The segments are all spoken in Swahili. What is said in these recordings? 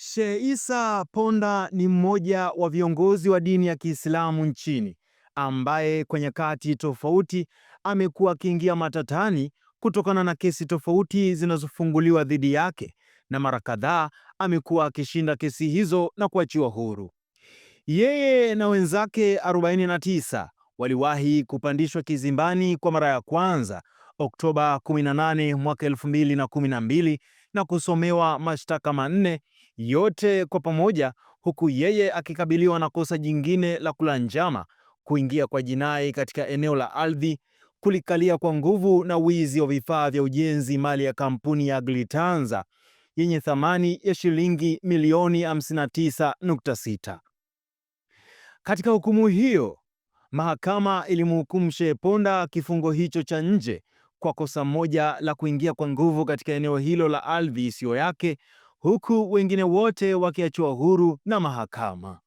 Sheikh Issa Ponda ni mmoja wa viongozi wa dini ya Kiislamu nchini ambaye kwa nyakati tofauti amekuwa akiingia matatani kutokana na kesi tofauti zinazofunguliwa dhidi yake na mara kadhaa amekuwa akishinda kesi hizo na kuachiwa huru. Yeye na wenzake 49 waliwahi kupandishwa kizimbani kwa mara ya kwanza Oktoba 18 mwaka 2012 na kusomewa mashtaka manne yote kwa pamoja, huku yeye akikabiliwa na kosa jingine la kula njama, kuingia kwa jinai katika eneo la ardhi, kulikalia kwa nguvu na wizi wa vifaa vya ujenzi mali ya kampuni ya glitanza yenye thamani ya shilingi milioni 59.6. Katika hukumu hiyo, mahakama ilimhukumu Shehe Ponda kifungo hicho cha nje kwa kosa moja la kuingia kwa nguvu katika eneo hilo la ardhi isiyo yake huku wengine wote wakiachiwa huru na mahakama.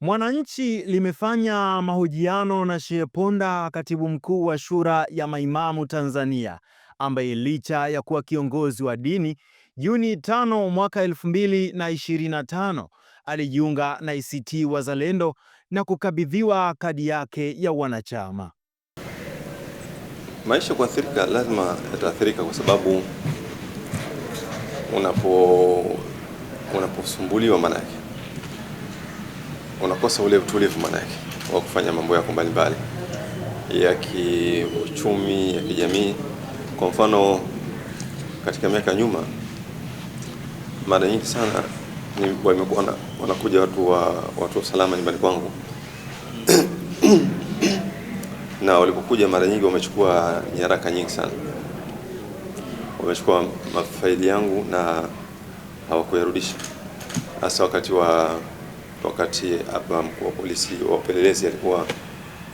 Mwananchi limefanya mahojiano na Shehe Ponda, katibu mkuu wa Shura ya Maimamu Tanzania, ambaye licha ya kuwa kiongozi wa dini, Juni 5 mwaka 2025 alijiunga na ACT Wazalendo na kukabidhiwa kadi yake ya wanachama. Maisha kuathirika, lazima yataathirika kwa sababu unapo unaposumbuliwa, maana yake unakosa ule utulivu, maana yake wa kufanya mambo yako mbalimbali ya kiuchumi, ya kijamii. Kwa mfano, katika miaka nyuma, mara nyingi sana wamekuwa wanakuja watu wa watu wa usalama nyumbani kwangu na walipokuja, mara nyingi wamechukua nyaraka nyingi sana wamechukua mafaili yangu na hawakuyarudisha, hasa wakati wa wakati hapa mkuu wa polisi wa upelelezi alikuwa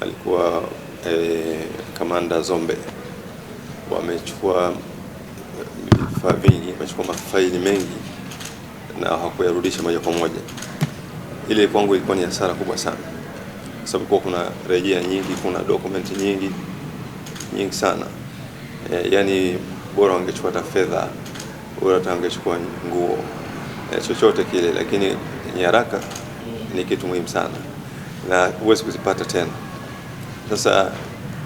alikuwa e, kamanda Zombe. Wamechukua vifaa vingi, wamechukua mafaili mengi na hawakuyarudisha moja kwa moja. Ile kwangu ilikuwa ni hasara kubwa sana, sababu kwa kuna rejea nyingi, kuna dokumenti nyingi nyingi sana e, yani bora wangechukua hata fedha, bora hata wangechukua nguo e, chochote kile, lakini nyaraka ni kitu muhimu sana na huwezi kuzipata tena. Sasa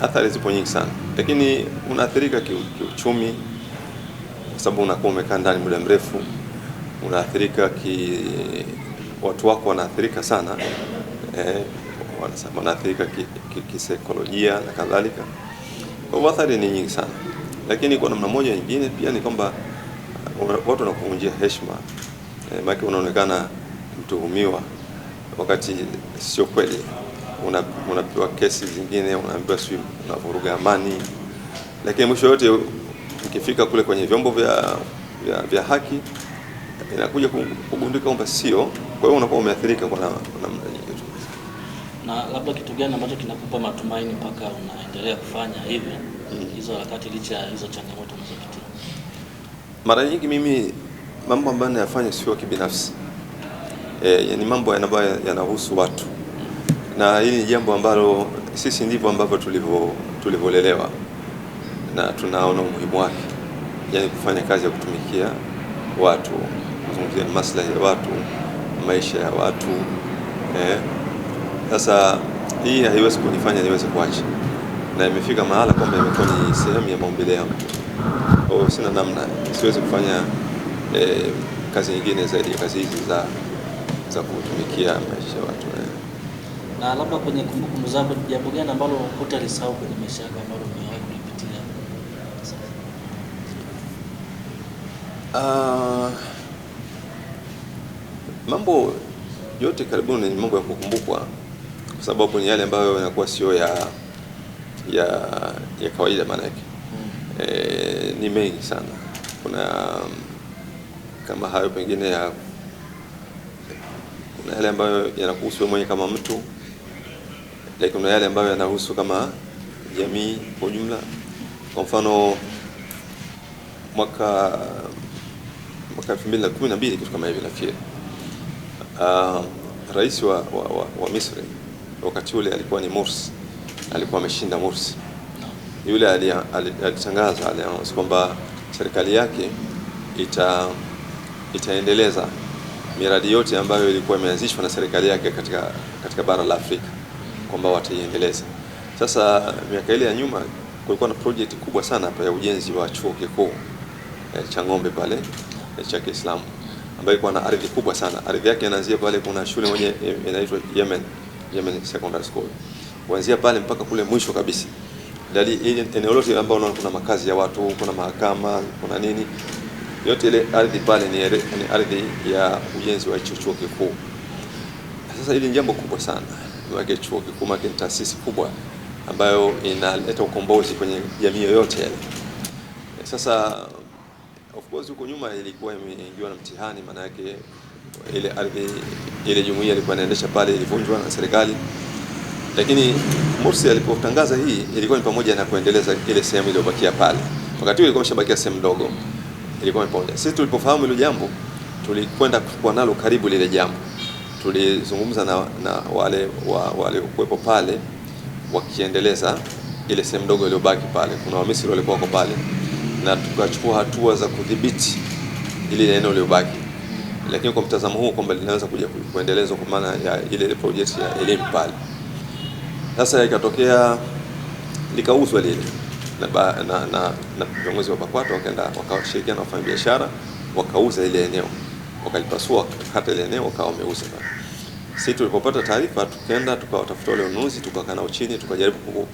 athari zipo nyingi sana, lakini unaathirika kiuchumi kwa sababu unakuwa umekaa ndani muda mrefu, unaathirika ki watu wako wanaathirika sana eh, wanaathirika kisaikolojia ki, ki na kadhalika. Kwa hivyo athari ni nyingi sana lakini kwa namna moja nyingine pia ni kwamba uh, watu wanakuvunjia heshima e, eh, maana unaonekana mtuhumiwa wakati sio kweli. Unapewa una kesi zingine, unaambiwa si unavuruga amani, lakini mwisho yote ukifika kule kwenye vyombo vya, vya, vya haki inakuja kugundika kwamba sio. Kwa hiyo unakuwa umeathirika kwa namna nyingine tu. Na labda kitu gani ambacho kinakupa matumaini mpaka unaendelea kufanya hivi? hizo harakati licha ya hizo changamoto mnazopitia? Mara nyingi mimi mambo ambayo nayafanya sio kibinafsi e, yani mambo ambayo yanahusu watu na hili ni jambo ambalo sisi ndivyo ambavyo tulivyolelewa na tunaona umuhimu wake, yani kufanya kazi ya kutumikia watu, kuzungumzia maslahi ya watu, maisha ya watu. E, sasa eh, hii haiwezi kunifanya niweze kuacha na imefika mahala kwamba imekuwa ni sehemu ya maumbile yangu. Kwa hiyo sina namna, siwezi kufanya eh, kazi nyingine zaidi ya kazi hizi za za kutumikia maisha ya watu. Eh. Na labda kwenye kumbukumbu zako, jambo gani ambalo hutalisahau kwenye maisha yako ambalo umewahi kulipitia? Uh, mambo yote karibuni ni mambo ya kukumbukwa, kwa sababu ni yale ambayo yanakuwa sio ya ya, ya kawaida maanake mm. E, ni mengi sana. Kuna kama hayo pengine ya kuna yale ambayo yanakuhusu wewe mwenyewe kama mtu, lakini kuna yale ambayo yanahusu kama jamii kwa ujumla. Kwa mfano mwaka mwaka 2012 kitu kama hivi nafikiri, uh, rais wa, wa, wa, wa Misri wakati ule alikuwa ni Morsi alikuwa ameshinda Mursi. Yule alitangaza ali kwamba serikali yake ita, itaendeleza miradi yote ambayo ilikuwa imeanzishwa na serikali yake katika, katika bara la Afrika kwamba wataiendeleza. Sasa miaka ile ya nyuma kulikuwa na project kubwa sana hapa ya ujenzi wa chuo kikuu e, cha Ng'ombe pale e, cha Kiislamu ambayo ilikuwa na ardhi kubwa sana. Ardhi yake inaanzia pale, kuna shule moja e, inaitwa Yemen Yemen Secondary School kuanzia pale mpaka kule mwisho kabisa. Dalili eneo lote ambalo unaona kuna makazi ya watu, kuna mahakama, kuna nini, yote ile ardhi pale ni, ni ardhi ya ujenzi wa hicho chuo kikuu. Sasa hili ni jambo kubwa sana, maana chuo kikuu ni taasisi kubwa ambayo inaleta ukombozi kwenye jamii yoyote ile. Sasa of course huko nyuma ilikuwa imeingiwa na mtihani, maana yake ile ardhi ile jumuiya ilikuwa inaendesha pale ilivunjwa na serikali. Lakini Mursi alipotangaza hii ilikuwa ni pamoja na kuendeleza ile sehemu iliyobakia pale. Wakati huo ilikuwa imeshabakia sehemu ndogo. Ilikuwa ni pamoja. Sisi tulipofahamu ile jambo, tulikwenda kuwa nalo karibu lile jambo. Tulizungumza na, na wale wa, wale kuwepo pale wakiendeleza ile sehemu ndogo iliyobaki pale. Kuna Wamisri walikuwa wako pale na tukachukua hatua za kudhibiti ile eneo iliyobaki lakini kwa mtazamo huu kwamba linaweza kuja kuendelezwa kwa maana ya ile project ya elimu pale. Sasa ikatokea likauzwa lile na viongozi wa BAKWATA wakaenda wakashirikiana na wafanyabiashara wakauza ile eneo, wakalipasua hata ile eneo wakawa wameuza. Sisi tulipopata taarifa, tukaenda tukawatafuta wale wanunuzi, tukakaa nao chini, tukajaribu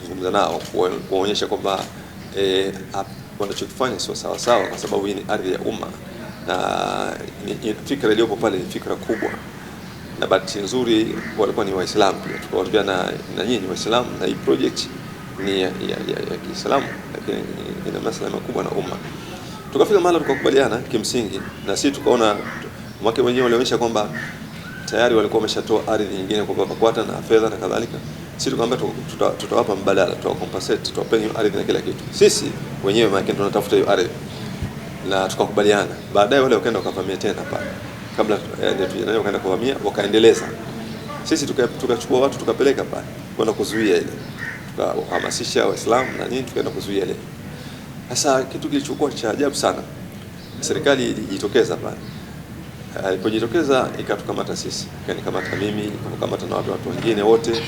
kuzungumza nao, kuonyesha kwamba e, wanachokifanya sio sawa sawa, kwa sababu hii ni ardhi ya umma na fikra iliyopo pale ni fikra kubwa na bahati nzuri walikuwa ni Waislamu pia, tukawaambia na, na nyinyi ni Waislamu na hii project ni ya, ya, ya, ya Kiislamu, lakini ina masuala makubwa na umma. Tukafika mahali tukakubaliana kimsingi, na sisi tukaona mwake wenyewe walionyesha kwamba tayari walikuwa wameshatoa ardhi nyingine kwa Kwata na fedha na kadhalika. Sisi tukamwambia tutawapa tuta, tuta mbadala, tutawakompensate, tutawapeni hiyo ardhi na kila kitu, sisi wenyewe maana tunatafuta hiyo ardhi, na tukakubaliana. Baadaye wale wakaenda wakavamia tena pale kabla hatujanayo wakaenda kuvamia, wakaendeleza. Sisi tukachukua tuka watu tukapeleka pale kwenda kuzuia ile, tukawahamasisha Waislamu na nini, tukaenda kuzuia ile. Sasa kitu kilichokuwa cha ajabu sana, serikali ilijitokeza pale. Alipojitokeza ah, ikatukamata sisi, ikanikamata mimi, ikanikamata na watu watu wengine wote,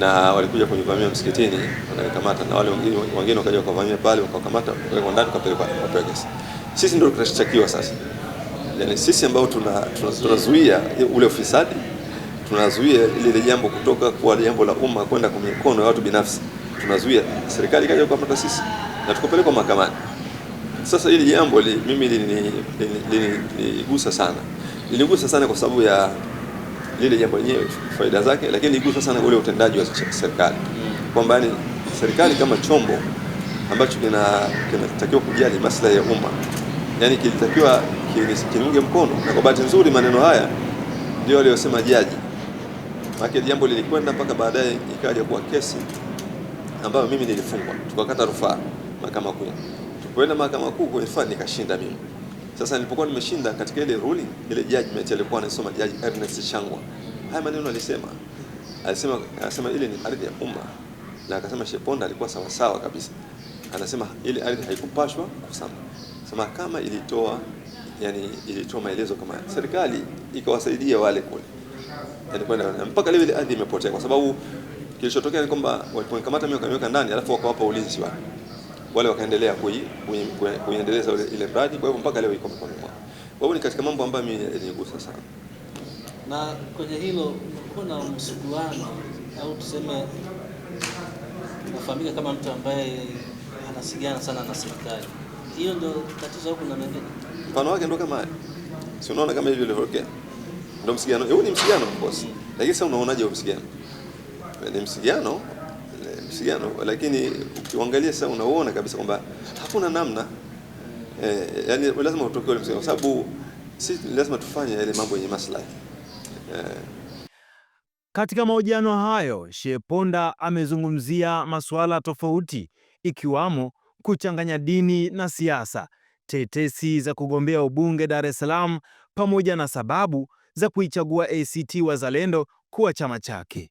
na walikuja kunivamia msikitini, wakanikamata na wale wengine wengine wakaja wakavamia pale, wakakamata, wakaenda ndani, wakapeleka kwa Sisi ndio tunashtakiwa sasa yani sisi ambao tunazuia tuna, tuna ule ufisadi tunazuia ile jambo kutoka kwa jambo la umma kwenda kwenye mikono ya watu binafsi, tunazuia serikali ikaja kukamata sisi na tukupelekwa mahakamani. Sasa hili jambo li, mimi linigusa sana, linigusa sana kwa sababu ya lile jambo lenyewe faida zake, lakini linigusa sana ule utendaji wa serikali kwamba ni yaani, serikali kama chombo ambacho kinatakiwa kujali maslahi ya umma, yani kilitakiwa kiunge mkono, na kwa bahati nzuri maneno haya ndio aliyosema jaji, maana jambo lilikwenda mpaka baadaye ikaja kuwa kesi ambayo mimi nilifungwa, tukakata rufaa mahakama kuu, tukwenda mahakama kuu kwa rufaa nikashinda mimi. Sasa nilipokuwa nimeshinda katika ile ruling, ile judgment alikuwa anasoma jaji Ernest Shangwa, haya maneno alisema alisema anasema ile ni ardhi ya umma, na akasema Sheponda alikuwa sawasawa kabisa, anasema ile ardhi haikupashwa kusama sema, kama ilitoa yani ilitoa maelezo kama serikali ikawasaidia wale kule, yani kwenda mpaka leo ile ardhi imepotea, kwa sababu kilichotokea ni kwamba waliponikamata mimi wakaniweka ndani, alafu wakawapa ulinzi wale wale, wakaendelea kuiendeleza ile mradi. Kwa hivyo mpaka leo iko mkononi mwao. Kwa hivyo ni katika mambo ambayo mimi yanigusa sana, na kwenye hilo kuna msuguano au tuseme nafahamika kama mtu ambaye anasigana sana na serikali. Hiyo ndio tatizo huko na mengine? Mfano wake ndo kama si unaona kama hivi ilivyotokea, ndo msigano huu. Ni msigano boss, lakini sasa unaonaje huo msigano? Eh, ni msigano, eh, msigano, lakini ukiangalia sasa unaona kabisa kwamba hakuna namna eh, yani lazima utoke ule msigano, sababu si lazima tufanye ile mambo yenye maslahi eh. Katika mahojiano hayo, Sheikh Ponda amezungumzia masuala tofauti ikiwamo kuchanganya dini na siasa tetesi za kugombea ubunge Dar es Salaam pamoja na sababu za kuichagua ACT Wazalendo kuwa chama chake.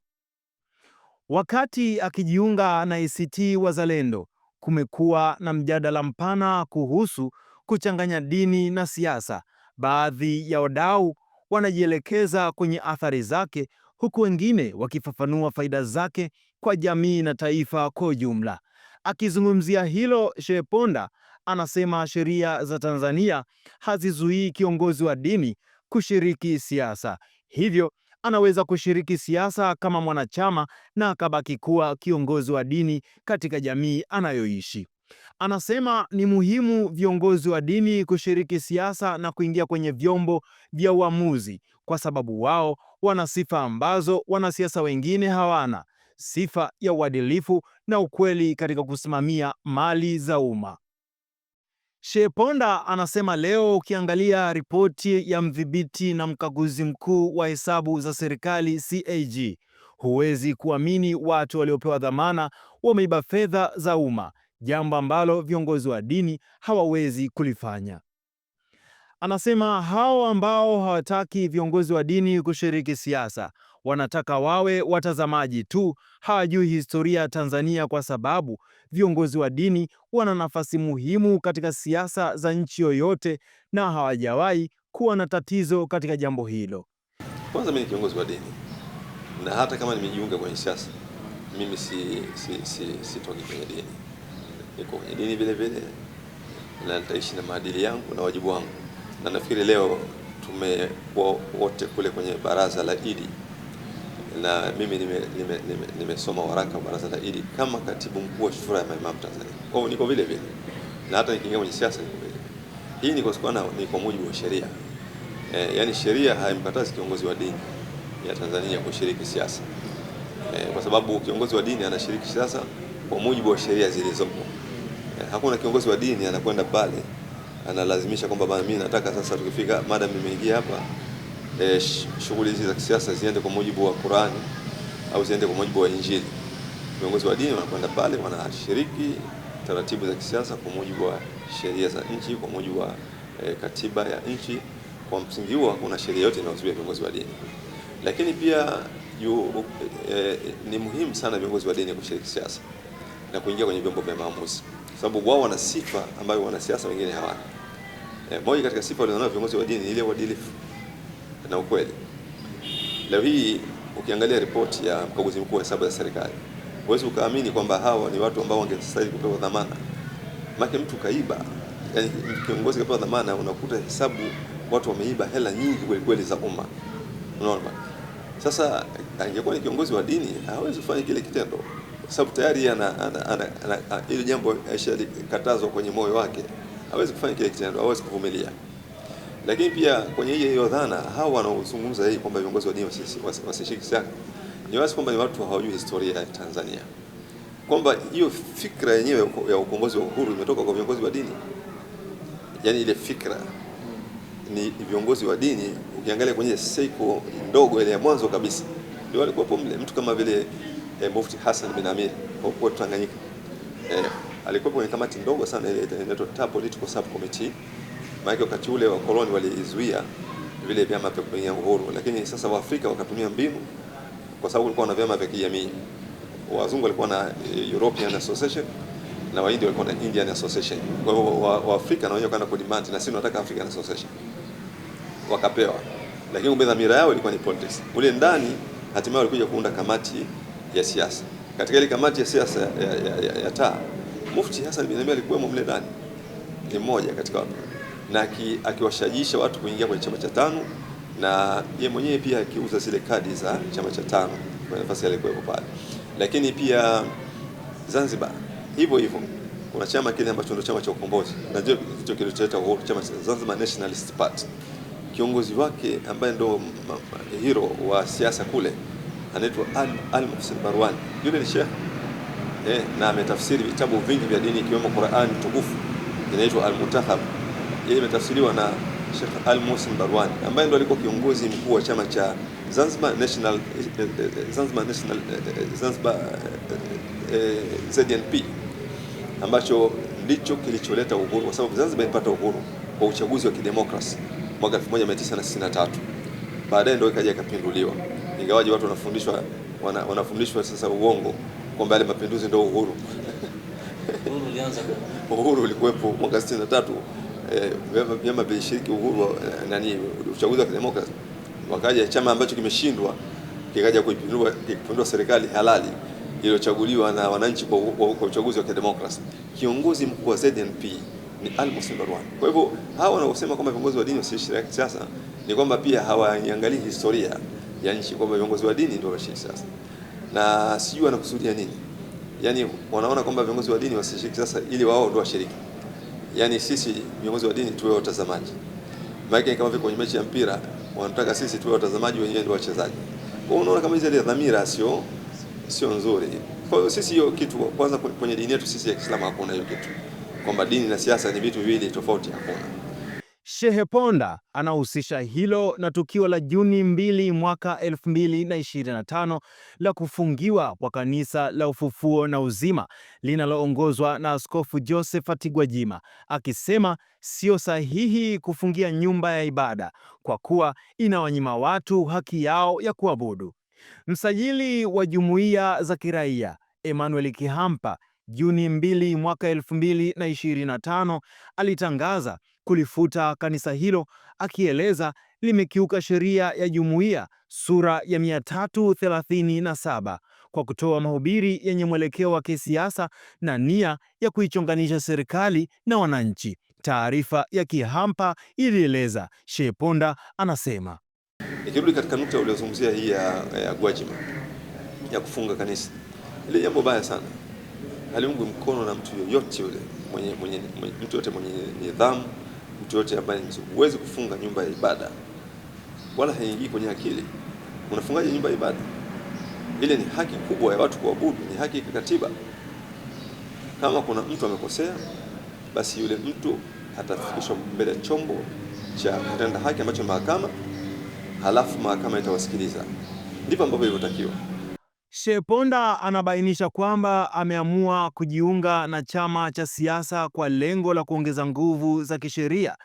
Wakati akijiunga na ACT Wazalendo, kumekuwa na mjadala mpana kuhusu kuchanganya dini na siasa. Baadhi ya wadau wanajielekeza kwenye athari zake, huku wengine wakifafanua faida zake kwa jamii na taifa kwa ujumla. Akizungumzia hilo, sheponda Ponda anasema sheria za Tanzania hazizuii kiongozi wa dini kushiriki siasa, hivyo anaweza kushiriki siasa kama mwanachama na akabaki kuwa kiongozi wa dini katika jamii anayoishi. Anasema ni muhimu viongozi wa dini kushiriki siasa na kuingia kwenye vyombo vya uamuzi kwa sababu wao wana sifa ambazo wanasiasa wengine hawana, sifa ya uadilifu na ukweli katika kusimamia mali za umma sheponda anasema leo ukiangalia ripoti ya mdhibiti na mkaguzi mkuu wa hesabu za serikali CAG, huwezi kuamini watu waliopewa dhamana wameiba fedha za umma, jambo ambalo viongozi wa dini hawawezi kulifanya. Anasema hao ambao hawataki viongozi wa dini kushiriki siasa wanataka wawe watazamaji tu, hawajui historia ya Tanzania, kwa sababu viongozi wa dini wana nafasi muhimu katika siasa za nchi yoyote na hawajawahi kuwa na tatizo katika jambo hilo. Kwanza mimi ni kiongozi wa dini na hata kama nimejiunga kwenye siasa mimi si, si, si, sitoki kwenye dini, niko kwenye dini vile vile na nitaishi na maadili yangu na wajibu wangu, na nafikiri leo tumekuwa wote kule kwenye baraza la Idi na mimi nimesoma nime, nime, nime waraka wa baraza la Idi kama katibu mkuu wa shura ya maimamu Tanzania. Kwa hiyo niko vile vile, na hata nikiingia kwenye siasa niko vile hii ni kwa sababu ni kwa mujibu wa sheria e, yaani sheria haimkatazi kiongozi wa dini ya Tanzania kushiriki siasa e, kwa sababu kiongozi wa dini anashiriki siasa kwa mujibu wa sheria zilizopo. E, hakuna kiongozi wa dini anakwenda pale analazimisha kwamba bana, mimi nataka sasa tukifika mada imeingia hapa e, shughuli hizi za kisiasa ziende kwa mujibu wa Qurani au ziende kwa mujibu wa Injili. Viongozi wa dini wanakwenda pale, wanashiriki taratibu za kisiasa kwa mujibu wa sheria za nchi, kwa mujibu wa e, katiba ya nchi. Kwa msingi huo hakuna sheria yote inayozuia viongozi wa dini, lakini pia yu, e, ni muhimu sana viongozi wa dini kushiriki siasa na kuingia kwenye vyombo vya maamuzi, sababu wao wana sifa ambayo wanasiasa wengine hawana. E, moja katika sifa walizonazo viongozi wa dini ile uadilifu na ukweli. Leo hii ukiangalia ripoti ya mkaguzi mkuu wa hesabu za serikali, huwezi ukaamini kwamba hawa ni watu ambao wangestahili kupewa dhamana. Maki mtu kaiba, yani kiongozi kapewa dhamana, unakuta hesabu watu wameiba hela nyingi kweli kweli za umma. Unaona, sasa angekuwa ni kiongozi wa dini hawezi kufanya kile kitendo, kwa sababu tayari ana, ana, ana, ana, ana, jambo aishalikatazwa kwenye moyo wake. Hawezi kufanya kile kitendo, hawezi kuvumilia. Lakini pia kwenye hii hiyo dhana, hao wanaozungumza hii kwamba viongozi wa dini wasishiriki zaka, ni wazi kwamba ni watu hawajui historia ya Tanzania, kwamba hiyo fikra yenyewe ya ukombozi wa uhuru imetoka kwa viongozi wa dini. Yaani ile fikra ni viongozi wa dini. Ukiangalia kwenye seiko ndogo ile ya mwanzo kabisa, ndio walikuwepo mle. Mtu kama vile eh, Mufti Hassan bin Amir huko Tanganyika eh, alikuwa kwenye kamati ndogo sana ile inaitwa Political Subcommittee maana wakati ule wakoloni walizuia vile vyama vya kupigania uhuru, lakini sasa Waafrika wakatumia mbinu, kwa sababu kulikuwa na vyama vya kijamii. Wazungu walikuwa na eh, European Association na Wahindi walikuwa na Indian Association. Kwa hivyo Waafrika wa na wenyewe wakaenda kudemand, na sisi tunataka African Association, wakapewa. Lakini kumbe dhamira yao ilikuwa ni politics. Ule ndani hatimaye walikuja kuunda kamati ya siasa. Katika ile kamati ya siasa ya, ya, ya, ya taa Mufti Hassan bin Ali alikuwa mle ndani, ni mmoja katika watu na akiwashajisha watu kuingia kwenye chama cha tano, na yeye mwenyewe pia akiuza zile kadi za chama cha tano kwa nafasi alikuwepo pale. Lakini pia Zanzibar hivyo hivyo kuna chama kile ambacho ndio chama cha ukombozi na ndio kitu kilicholeta uhuru, chama cha Zanzibar Nationalist Party. Kiongozi wake ambaye ndio hero wa siasa kule anaitwa Al Muhsin Barwan, yule ni sheikh eh, na ametafsiri vitabu vingi vya dini ikiwemo Qur'an tukufu inaitwa Al-Mutahab yeye imetafsiriwa na Sheikh al Musim Barwani ambaye ndo alikuwa kiongozi mkuu wa chama cha Zanzibar National Zanzibar National Zanzibar eh, eh, ZNP ambacho ndicho kilicholeta uhuru, kwa sababu Zanzibar ilipata uhuru kwa uchaguzi wa kidemokrasi mwaka 1963. Baadaye ndio ikaja ikapinduliwa, ingawaje watu wanafundishwa wana, wanafundishwa sasa uongo kwamba yale mapinduzi ndio uhuru. Uhuru ulianza, uhuru ulikuwepo mwaka 63 eh, vyama vilishiriki uhuru wa, nani uchaguzi wa kidemokrasia, wakaja chama ambacho kimeshindwa kikaja kuipindua kuipindua serikali halali iliyochaguliwa na wananchi kwa, kwa kwa uchaguzi wa kidemokrasia. Kiongozi mkuu wa ZNP ni Al-Muhsin Barwani. Kwa hivyo hawa wanaosema kwamba viongozi wa dini wasishiriki siasa ni kwamba pia hawaangalii historia ya nchi kwamba viongozi wa dini ndio wanashiriki siasa, na sijui wanakusudia nini. Yaani wanaona kwamba viongozi wa dini wasishiriki siasa ili wao ndio washiriki yani sisi viongozi wa dini tuwe watazamaji. Maana kama vile kwenye mechi ya mpira wanataka sisi tuwe watazamaji, wenyewe ndio wachezaji. Kwa unaona kama hizi dhamira sio sio nzuri. Kwa hiyo sisi hiyo kitu kwanza, kwenye dini yetu sisi ya Kiislamu hakuna hiyo kitu kwamba dini na siasa ni vitu viwili tofauti, hakuna. Shehe Ponda anahusisha hilo na tukio la Juni 2 mwaka 2025 la kufungiwa kwa Kanisa la Ufufuo na Uzima linaloongozwa na Askofu Josephat Gwajima, akisema sio sahihi kufungia nyumba ya ibada kwa kuwa inawanyima watu haki yao ya kuabudu. Msajili wa jumuiya za kiraia Emmanuel Kihampa Juni 2 mwaka 2025 alitangaza kulifuta kanisa hilo akieleza limekiuka sheria ya jumuiya sura ya 337 kwa kutoa mahubiri yenye mwelekeo wa kisiasa na nia ya kuichonganisha serikali na wananchi. Taarifa ya Kihampa ilieleza. Sheikh Ponda anasema, ikirudi katika nukta uliozungumzia hii ya, ya Gwajima ya kufunga kanisa, ile jambo baya sana, haliungwi mkono na mtu yoyote yule mwenye, mwenye, mwenye, mtu yote mwenye nidhamu mtu yote ambaye ni mzuri. Huwezi kufunga nyumba ya ibada, wala haingii kwenye akili. Unafungaje nyumba ya ibada? Ile ni haki kubwa ya watu kuabudu, ni haki ya kikatiba. Kama kuna mtu amekosea, basi yule mtu atafikishwa mbele ya chombo cha kutenda haki ambacho mahakama, halafu mahakama itawasikiliza. Ndipo ambavyo ilivyotakiwa. Sheponda anabainisha kwamba ameamua kujiunga na chama cha siasa kwa lengo la kuongeza nguvu za kisheria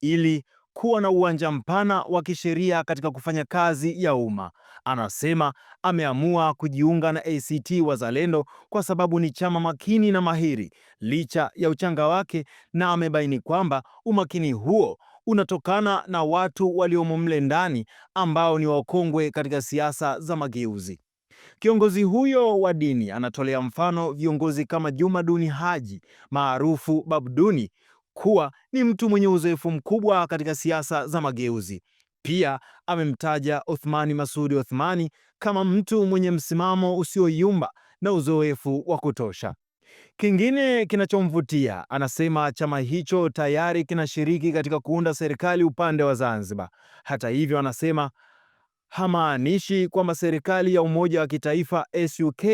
ili kuwa na uwanja mpana wa kisheria katika kufanya kazi ya umma. Anasema ameamua kujiunga na ACT Wazalendo kwa sababu ni chama makini na mahiri licha ya uchanga wake, na amebaini kwamba umakini huo unatokana na watu waliomo mle ndani ambao ni wakongwe katika siasa za mageuzi. Kiongozi huyo wa dini anatolea mfano viongozi kama Juma Duni Haji maarufu Babduni kuwa ni mtu mwenye uzoefu mkubwa katika siasa za mageuzi. Pia amemtaja Othmani Masudi Othmani kama mtu mwenye msimamo usioyumba na uzoefu wa kutosha. Kingine kinachomvutia, anasema chama hicho tayari kinashiriki katika kuunda serikali upande wa Zanzibar. Hata hivyo, anasema hamaanishi kwamba serikali ya umoja wa kitaifa SUK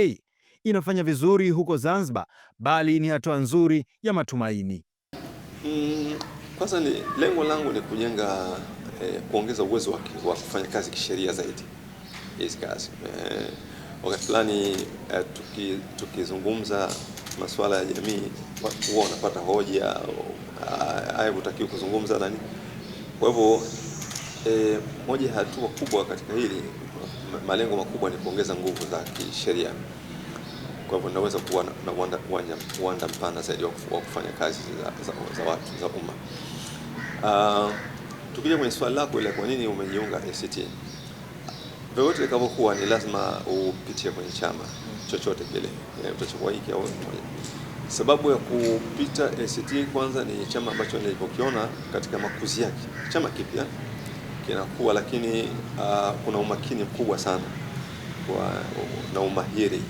inafanya vizuri huko Zanzibar, bali ni hatua nzuri ya matumaini. Mm, kwanza ni lengo langu ni kujenga eh, kuongeza uwezo wa, wa kufanya kazi kisheria zaidi hizi kazi eh, wakati fulani eh, tukizungumza masuala ya jamii huwa wanapata hoja, ah, haivutakiwi kuzungumza nani, kwa hivyo E, moja ya hatua kubwa katika hili, malengo makubwa ni kuongeza nguvu za kisheria. Kwa hivyo naweza kuwa na uwanja mpana zaidi wa kufanya kazi za, za, za watu za umma. Uh, ah, tukija kwenye swali lako ile, kwa nini umejiunga ACT? Vyovyote itakavyokuwa ni lazima upitie kwenye chama chochote kile eh, utachukua hiki au moja. Sababu ya kupita ACT, kwanza ni chama ambacho nilivyokiona katika makuzi yake, chama kipya kinakuwa, lakini uh, kuna umakini mkubwa sana kwa, na umahiri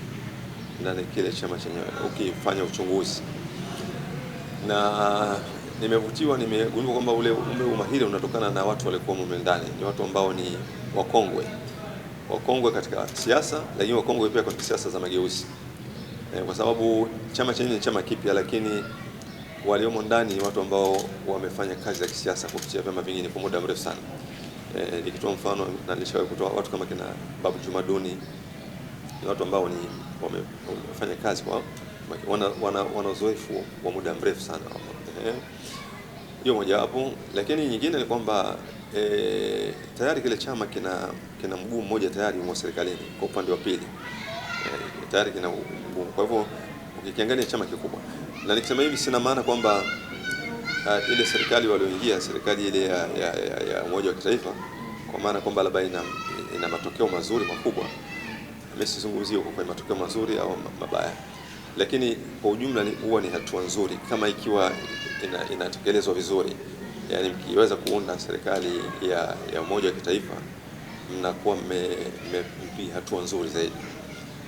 ndani kile chama chenyewe ukifanya uchunguzi, na nimevutiwa, nimegundua kwamba ule ume umahiri unatokana na watu waliokuwa mume ndani, ni watu ambao ni wakongwe, wakongwe katika siasa, lakini wakongwe pia katika siasa za mageuzi e, kwa sababu chama chenyewe ni chama kipya, lakini waliomo ndani ni watu ambao wamefanya kazi za kisiasa kupitia vyama vingine kwa muda mrefu sana eh, nikitoa mfano na nishawahi kutoa watu kama kina Babu Jumaduni, ni watu ambao ni wamefanya kazi kwa wana, wana, wana uzoefu wa muda mrefu sana eh, hiyo moja mojawapo. Lakini nyingine ni kwamba e, tayari kile chama kina kina mguu mmoja tayari umo serikalini kwa upande wa pili e, tayari kina mguu, kwa hivyo ukikiangalia chama kikubwa, na nikisema hivi sina maana kwamba uh, ile serikali walioingia serikali ile ya, ya, ya, ya umoja wa kitaifa, kwa maana kwamba labda ina, ina matokeo mazuri makubwa. Mimi sizungumzie huko kwa matokeo mazuri au mabaya, lakini kwa ujumla huwa ni, ni hatua nzuri kama ikiwa inatekelezwa vizuri, yaani mkiweza kuunda serikali ya, ya umoja wa kitaifa mnakuwa mmepiga hatua nzuri zaidi.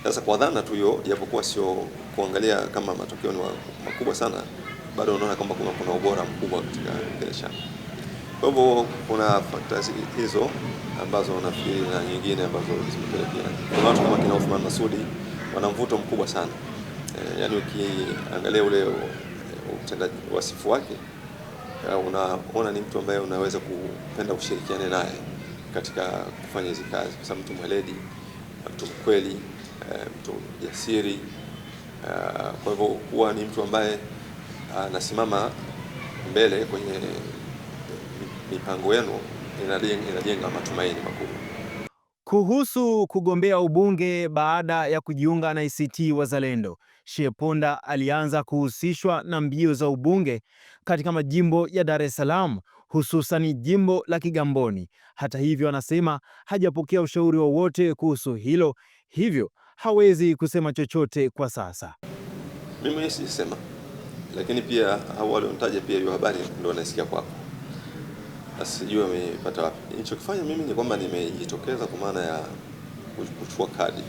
Sasa kwa dhana tu hiyo, japokuwa sio kuangalia kama matokeo ni makubwa sana bado unaona kwamba kuna ubora mkubwa katika ile Kwa hivyo kuna factors hizo ambazo nafikiri na nyingine ambazo zimepelekea. Kuna watu kama kina Uthman Masudi wana mvuto mkubwa sana. E, yaani ukiangalia ule eh, utendaji wasifu wake eh, unaona ni mtu ambaye unaweza kupenda ushirikiane naye katika kufanya hizi kazi, kwa sababu mtu mweledi, mtu mkweli, mtu jasiri. Ah, kwa hivyo kuwa ni mtu ambaye anasimama mbele kwenye mipango yenu inajenga matumaini makubwa. Kuhusu kugombea ubunge baada ya kujiunga na ACT Wazalendo, Sheponda alianza kuhusishwa na mbio za ubunge katika majimbo ya Dar es Salaam, hususani jimbo la Kigamboni. Hata hivyo, anasema hajapokea ushauri wowote kuhusu hilo, hivyo hawezi kusema chochote kwa sasa. Mimi sisema lakini pia hao waliontaja pia hiyo habari ndio naisikia kwako, sijui wameipata wapi. Nilichokifanya mimi ni kwamba nimejitokeza kwa maana ya kuchukua kadi,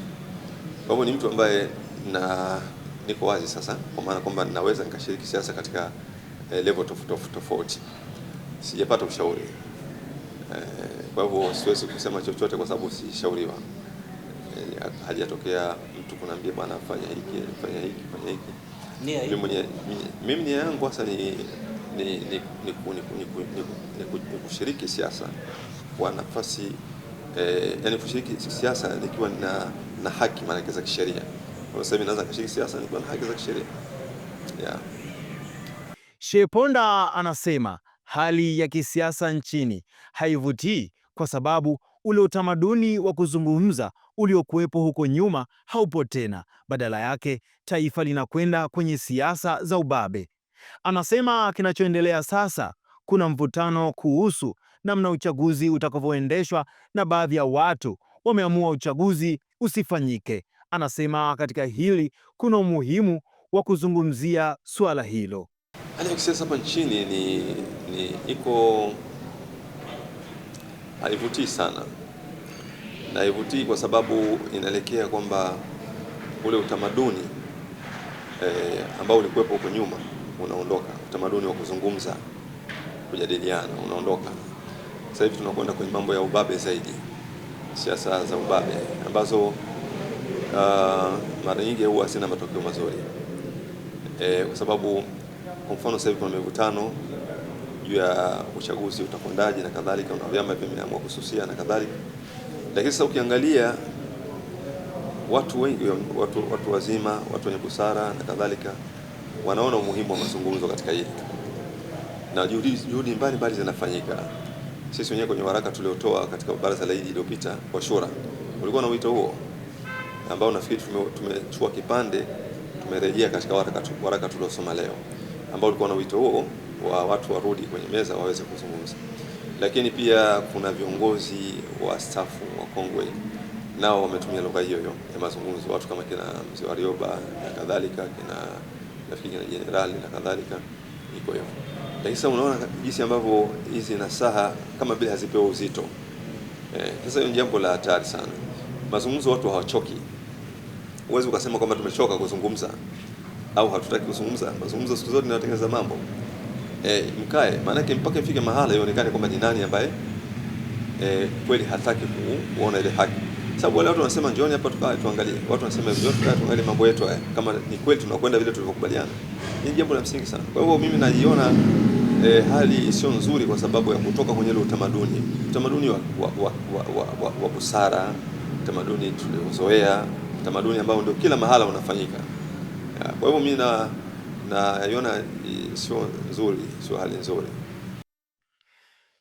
kwa hivyo ni mtu ambaye na niko wazi sasa, kwa maana kwamba naweza nikashiriki siasa katika eh, level tofauti tofauti. Sijapata ushauri eh, kwa hivyo siwezi kusema chochote kwa sababu sishauriwa eh, hajatokea mtu kunaambia bwana, fanya hiki, fanya hiki, fanya hiki mimi nia yangu hasa ni kushiriki siasa kwa nafasi eh, yani kushiriki siasa nikiwa na, na haki maanake za kisheria. Sasa hivi naweza kushiriki siasa nikiwa na haki za kisheria yeah. Sheponda anasema hali ya kisiasa nchini haivutii kwa sababu ule utamaduni wa kuzungumza uliokuwepo huko nyuma haupo tena. Badala yake taifa linakwenda kwenye siasa za ubabe. Anasema kinachoendelea sasa, kuna mvutano kuhusu namna uchaguzi utakavyoendeshwa na baadhi ya watu wameamua uchaguzi usifanyike. Anasema katika hili kuna umuhimu wa kuzungumzia suala hilo. Hali ya kisiasa hapa nchini ni, ni iko haivutii sana na haivutii kwa sababu inaelekea kwamba ule utamaduni e, ambao ulikuwepo huko nyuma unaondoka, utamaduni wa kuzungumza, kujadiliana unaondoka. Sasa hivi tunakwenda kwenye mambo ya ubabe zaidi, siasa za ubabe ambazo ah, mara nyingi huwa hazina matokeo mazuri e, kwa sababu kwa mfano sasa hivi kuna mivutano juu ya uchaguzi utakwendaje na kadhalika, na vyama vimeamua kususia na kadhalika, lakini sasa ukiangalia watu wengi watu, watu wazima watu wenye busara na kadhalika wanaona umuhimu wa mazungumzo katika hili na juhudi, juhudi mbalimbali zinafanyika. Sisi wenyewe kwenye waraka tuliotoa katika baraza la Idi iliyopita kwa shura ulikuwa na wito huo ambao nafikiri tumechukua kipande tumerejea katika waraka, waraka tuliosoma leo ambao ulikuwa na wito huo wa watu warudi kwenye meza waweze kuzungumza, lakini pia kuna viongozi wa wa kongwe nao wametumia lugha hiyo hiyo ya mazungumzo, watu kama kina mzee Warioba na kadhalika, kina rafiki kina jenerali na kadhalika, iko hivyo. Lakini sasa unaona jinsi ambavyo hizi nasaha kama vile hazipewa uzito. eh. Sasa hiyo jambo la hatari sana. Mazungumzo watu hawachoki. Huwezi ukasema kwamba tumechoka kuzungumza au hatutaki kuzungumza. Mazungumzo siku zote yanatengeneza mambo. Eh, mkae, maana yake mpaka ifike mahala ionekane kwamba ni nani ambaye eh, kweli hataki kuona ile haki sababu wale watu wanasema njoni hapa tukae tuangalie, watu wanasema hivyo tukae tuangalie mambo yetu haya, kama ni kweli tunakwenda vile tulivyokubaliana. Ni jambo la msingi sana. Kwa hivyo mimi najiona e, eh, hali sio nzuri kwa sababu ya kutoka kwenye ile utamaduni, utamaduni wa wa wa wa busara, utamaduni tuliozoea, utamaduni ambao ndio kila mahala unafanyika. Kwa hivyo mimi na naiona sio nzuri, sio hali nzuri.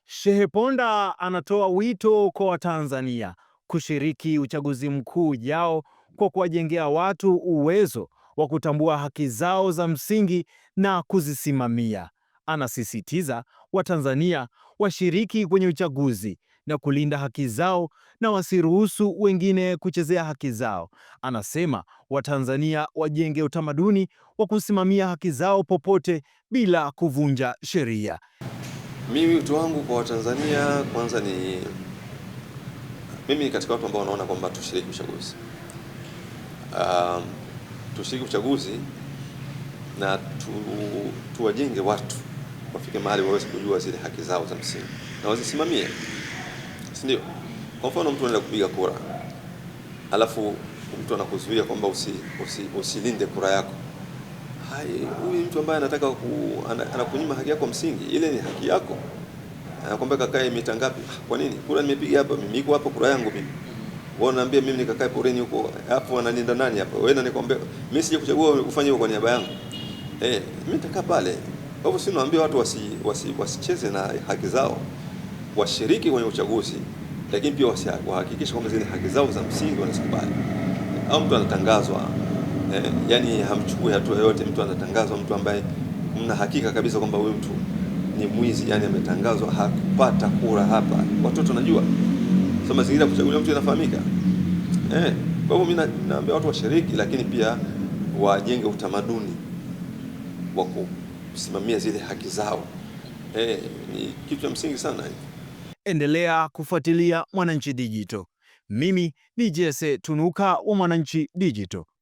Shehe Ponda anatoa wito kwa Watanzania kushiriki uchaguzi mkuu ujao kwa kuwajengea watu uwezo wa kutambua haki zao za msingi na kuzisimamia. Anasisitiza Watanzania washiriki kwenye uchaguzi na kulinda haki zao na wasiruhusu wengine kuchezea haki zao. Anasema Watanzania wajenge utamaduni wa kusimamia haki zao popote bila kuvunja sheria. Mimi wito wangu kwa Watanzania kwanza ni mimi katika watu ambao wanaona kwamba tushiriki uchaguzi um, tushiriki uchaguzi na tu, tuwajenge watu wafike mahali waweze kujua zile haki zao za msingi na wazisimamie, si ndio? Kwa mfano mtu anaenda kupiga kura alafu mtu anakuzuia kwamba usilinde usi, usi kura yako hai, huyu mtu ambaye anataka anakunyima haki yako msingi, ile ni haki yako. Anakwambia kakae mita ngapi? Kwa nini? Kura nimepiga hapa mimi, iko hapa kura yangu mimi. Wao naambia mimi nikakae poreni huko. Hapo wananinda nani hapa? Wewe unanikwambia mimi sije kuchagua ufanye hiyo kwa niaba yangu. Eh, mimi nitakaa pale. Kwa hivyo si naambia watu wasi, wasi, wasicheze na haki zao. Washiriki kwenye uchaguzi, lakini pia wahakikishe kwamba zile haki zao za msingi wanazikubali. Au mtu anatangazwa eh, yani hamchukui hatua yoyote, mtu anatangazwa mtu ambaye mna hakika kabisa kwamba huyu mtu ni mwizi, yani ametangazwa hakupata kura hapa. Watoto najua sasa mazingira ya mtu yanafahamika eh. Kwa hivyo mimi naambia watu washiriki, lakini pia wajenge utamaduni wa kusimamia zile haki zao eh, ni kitu cha msingi sana. Endelea kufuatilia Mwananchi Digital. Mimi ni Jesse Tunuka wa Mwananchi Digital.